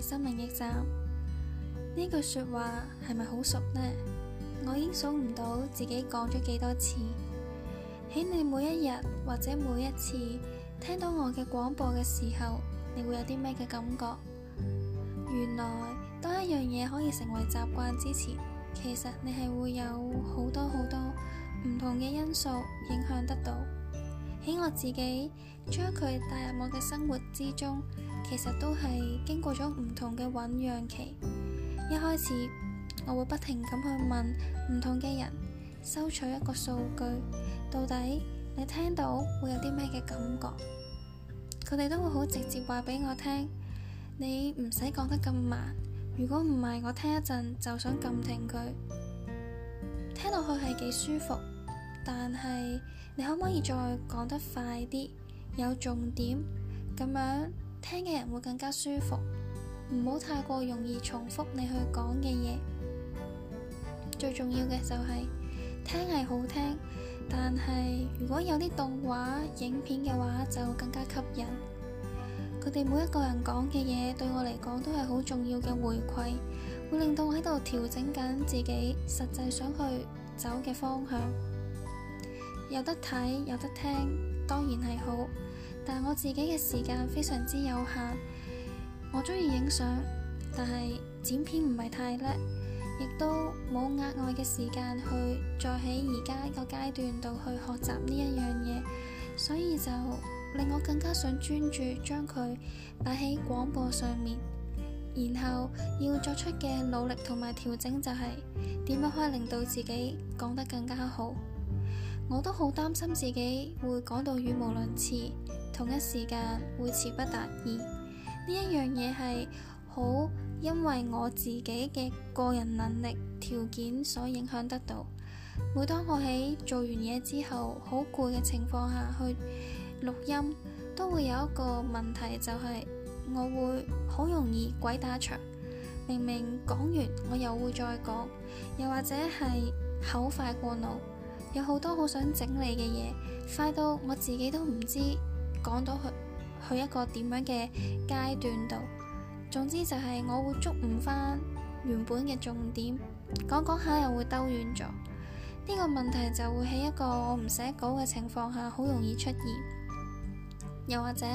心靈驛站，呢句說話係咪好熟呢？我已經數唔到自己講咗幾多次。喺你每一日或者每一次聽到我嘅廣播嘅時候，你會有啲咩嘅感覺？原來當一樣嘢可以成為習慣之前，其實你係會有好多好多唔同嘅因素影響得到。喺我自己將佢帶入我嘅生活之中。其實都係經過咗唔同嘅醞釀期。一開始我會不停咁去問唔同嘅人，收取一個數據。到底你聽到會有啲咩嘅感覺？佢哋都會好直接話俾我聽。你唔使講得咁慢，如果唔係我聽一陣就想撳停佢。聽落去係幾舒服，但係你可唔可以再講得快啲，有重點咁樣？聽嘅人會更加舒服，唔好太過容易重複你去講嘅嘢。最重要嘅就係、是、聽係好聽，但係如果有啲動畫影片嘅話就會更加吸引。佢哋每一個人講嘅嘢對我嚟講都係好重要嘅回饋，會令到我喺度調整緊自己實際想去走嘅方向。有得睇，有得聽，當然係好。但我自己嘅時間非常之有限，我中意影相，但係剪片唔係太叻，亦都冇額外嘅時間去再喺而家呢個階段度去學習呢一樣嘢，所以就令我更加想專注將佢擺喺廣播上面。然後要作出嘅努力同埋調整就係點樣可以令到自己講得更加好。我都好擔心自己會講到語無倫次。同一時間會詞不達意，呢一樣嘢係好因為我自己嘅個人能力條件所影響得到。每當我喺做完嘢之後，好攰嘅情況下去錄音，都會有一個問題，就係我會好容易鬼打牆。明明講完，我又會再講，又或者係口快過腦，有好多好想整理嘅嘢，快到我自己都唔知。講到去去一個點樣嘅階段度，總之就係我會捉唔返原本嘅重點，講講下又會兜遠咗。呢個問題就會喺一個我唔寫稿嘅情況下好容易出現。又或者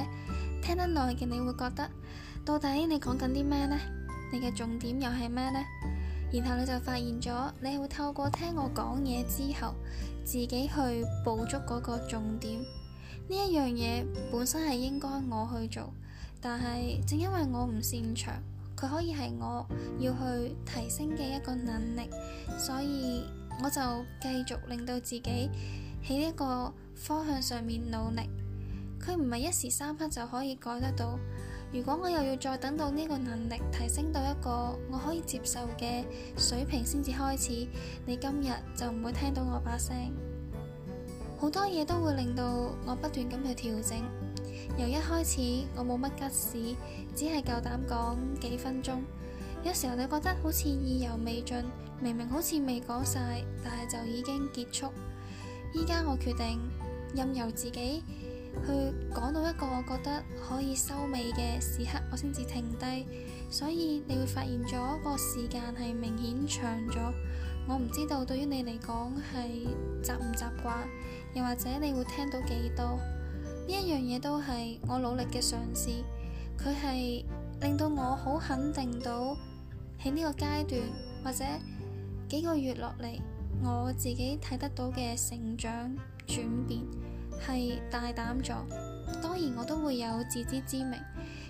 聽得耐嘅你會覺得「到底你講緊啲咩呢？你嘅重點又係咩呢？」然後你就發現咗你會透過聽我講嘢之後，自己去捕捉嗰個重點。呢一樣嘢本身係應該我去做，但係正因為我唔擅長，佢可以係我要去提升嘅一個能力，所以我就繼續令到自己喺呢個方向上面努力。佢唔係一時三刻就可以改得到。如果我又要再等到呢個能力提升到一個我可以接受嘅水平先至開始，你今日就唔會聽到我把聲。好多嘢都會令到我不斷咁去調整。由一開始我冇乜吉事，只係夠膽講幾分鐘。有時候你覺得好似意猶未盡，明明好似未講晒，但係就已經結束。依家我決定任由自己去講到一個我覺得可以收尾嘅時刻，我先至停低。所以你會發現咗個時間係明顯長咗。我唔知道對於你嚟講係習唔習慣。又或者你會聽到幾多，呢一樣嘢都係我努力嘅嘗試，佢係令到我好肯定到喺呢個階段或者幾個月落嚟，我自己睇得到嘅成長轉變係大膽咗。當然我都會有自知之明，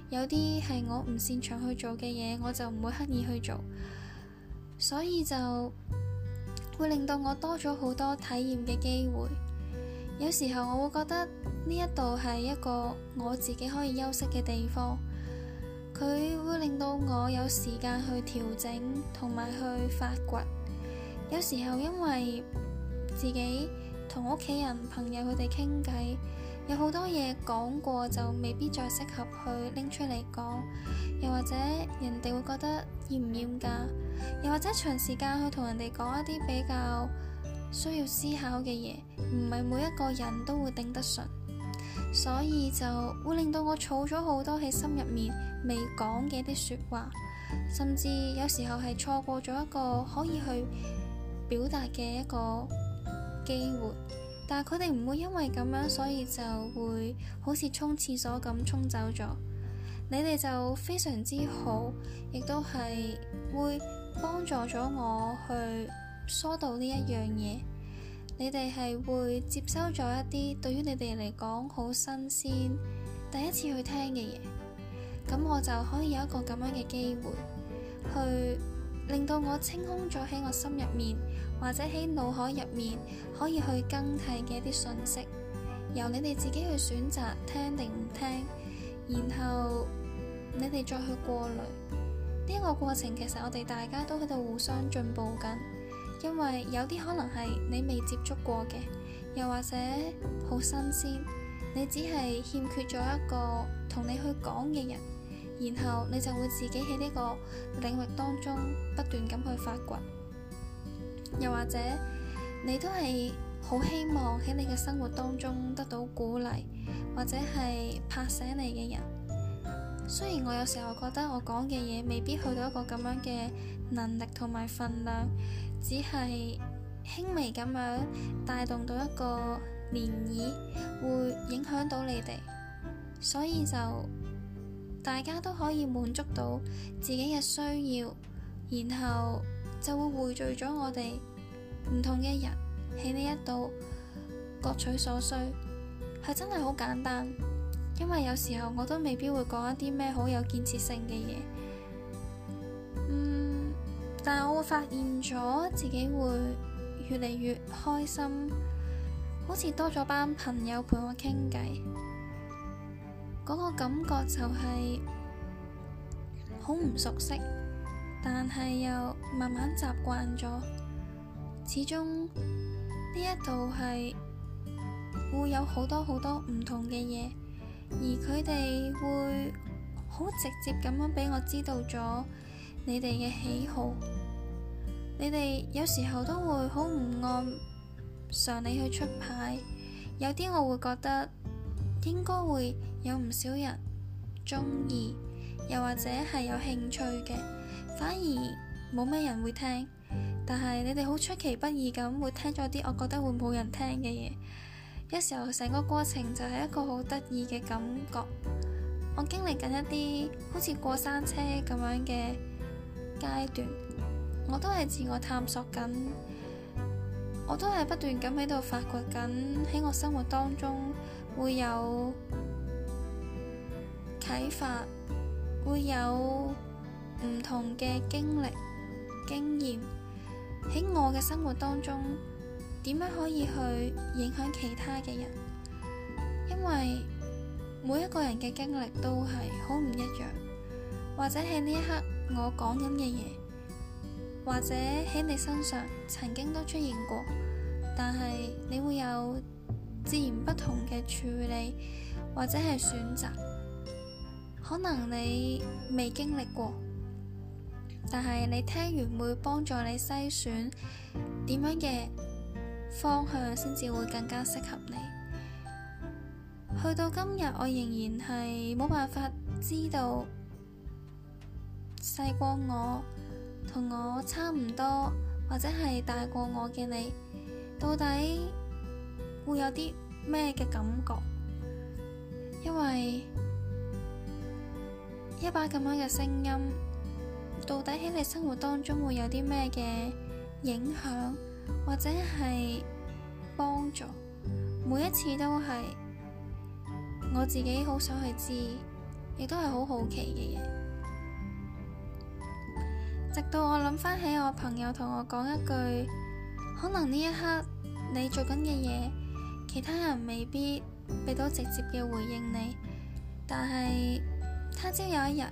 有啲係我唔擅長去做嘅嘢，我就唔會刻意去做，所以就會令到我多咗好多體驗嘅機會。有時候我會覺得呢一度係一個我自己可以休息嘅地方，佢會令到我有時間去調整同埋去發掘。有時候因為自己同屋企人、朋友佢哋傾偈，有好多嘢講過就未必再適合去拎出嚟講，又或者人哋會覺得厭唔厭噶，又或者長時間去同人哋講一啲比較。需要思考嘅嘢，唔係每一個人都會頂得順，所以就會令到我儲咗好多喺心入面未講嘅一啲說話，甚至有時候係錯過咗一個可以去表達嘅一個機會。但係佢哋唔會因為咁樣，所以就會好似沖廁所咁沖走咗。你哋就非常之好，亦都係會幫助咗我去。疏導呢一樣嘢，你哋係會接收咗一啲對於你哋嚟講好新鮮、第一次去聽嘅嘢，咁我就可以有一個咁樣嘅機會去令到我清空咗喺我心入面或者喺腦海入面可以去更替嘅一啲信息，由你哋自己去選擇聽定唔聽，然後你哋再去過濾呢個過程。其實我哋大家都喺度互相進步緊。因為有啲可能係你未接觸過嘅，又或者好新鮮，你只係欠缺咗一個同你去講嘅人，然後你就會自己喺呢個領域當中不斷咁去發掘。又或者你都係好希望喺你嘅生活當中得到鼓勵，或者係拍醒你嘅人。雖然我有時候覺得我講嘅嘢，未必去到一個咁樣嘅能力同埋份量，只係輕微咁樣帶動到一個漣漪，會影響到你哋，所以就大家都可以滿足到自己嘅需要，然後就會匯聚咗我哋唔同嘅人喺呢一度各取所需，係真係好簡單。因為有時候我都未必會講一啲咩好有建設性嘅嘢，嗯，但係我會發現咗自己會越嚟越開心，好似多咗班朋友陪我傾偈，嗰個感覺就係好唔熟悉，但係又慢慢習慣咗，始終呢一度係會有好多好多唔同嘅嘢。而佢哋會好直接咁樣俾我知道咗你哋嘅喜好，你哋有時候都會好唔按常理去出牌，有啲我會覺得應該會有唔少人中意，又或者係有興趣嘅，反而冇咩人會聽，但係你哋好出其不意咁會聽咗啲我覺得會冇人聽嘅嘢。有時候，成個過程就係一個好得意嘅感覺。我經歷緊一啲好似過山車咁樣嘅階段，我都係自我探索緊，我都係不斷咁喺度發掘緊。喺我生活當中會有啟發，會有唔同嘅經歷經驗。喺我嘅生活當中。點樣可以去影響其他嘅人？因為每一個人嘅經歷都係好唔一樣，或者喺呢一刻我講緊嘅嘢，或者喺你身上曾經都出現過，但係你會有自然不同嘅處理，或者係選擇。可能你未經歷過，但係你聽完會幫助你篩選點樣嘅方向先至會更加適合你。去到今日，我仍然係冇辦法知道細過我、同我差唔多或者係大過我嘅你，到底會有啲咩嘅感覺？因為一把咁樣嘅聲音，到底喺你生活當中會有啲咩嘅影響？或者係幫助，每一次都係我自己好想去知，亦都係好好奇嘅嘢。直到我諗翻起我朋友同我講一句，可能呢一刻你做緊嘅嘢，其他人未必俾到直接嘅回應你，但係他朝有一日，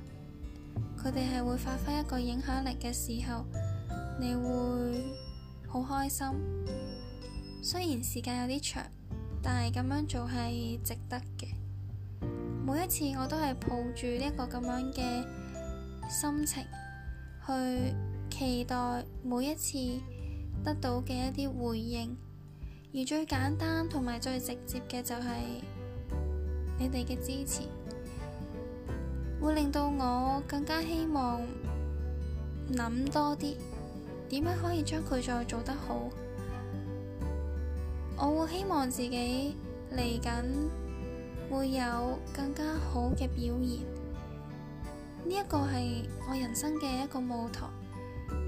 佢哋係會發揮一個影響力嘅時候，你會。好開心，雖然時間有啲長，但係咁樣做係值得嘅。每一次我都係抱住呢一個咁樣嘅心情，去期待每一次得到嘅一啲回應，而最簡單同埋最直接嘅就係你哋嘅支持，會令到我更加希望諗多啲。點樣可以將佢再做得好？我會希望自己嚟緊會有更加好嘅表現。呢一個係我人生嘅一個舞台，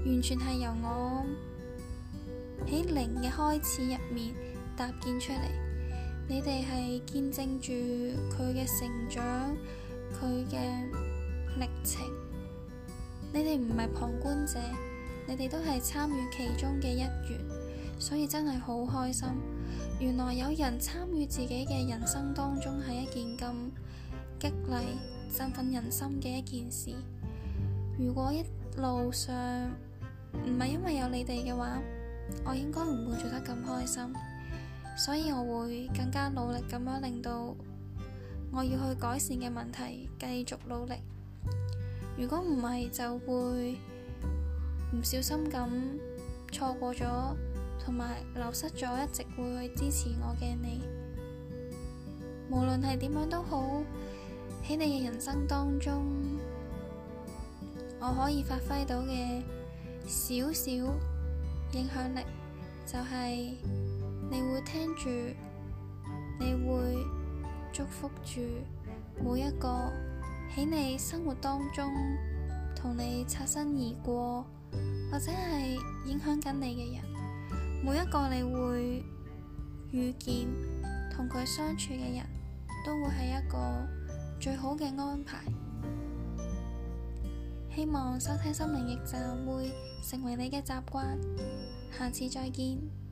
完全係由我喺零嘅開始入面搭建出嚟。你哋係見證住佢嘅成長，佢嘅歷程。你哋唔係旁觀者。你哋都係參與其中嘅一員，所以真係好開心。原來有人參與自己嘅人生當中係一件咁激勵、振奮人心嘅一件事。如果一路上唔係因為有你哋嘅話，我應該唔會做得咁開心。所以我會更加努力咁樣令到我要去改善嘅問題繼續努力。如果唔係，就會。唔小心咁錯過咗，同埋流失咗，一直會去支持我嘅你，無論係點樣都好。喺你嘅人生當中，我可以發揮到嘅少少影響力，就係，就係你會聽住，你會祝福住每一個喺你生活當中同你擦身而過。或者係影響緊你嘅人，每一個你會遇見同佢相處嘅人都會係一個最好嘅安排。希望收聽心靈驛站會成為你嘅習慣，下次再見。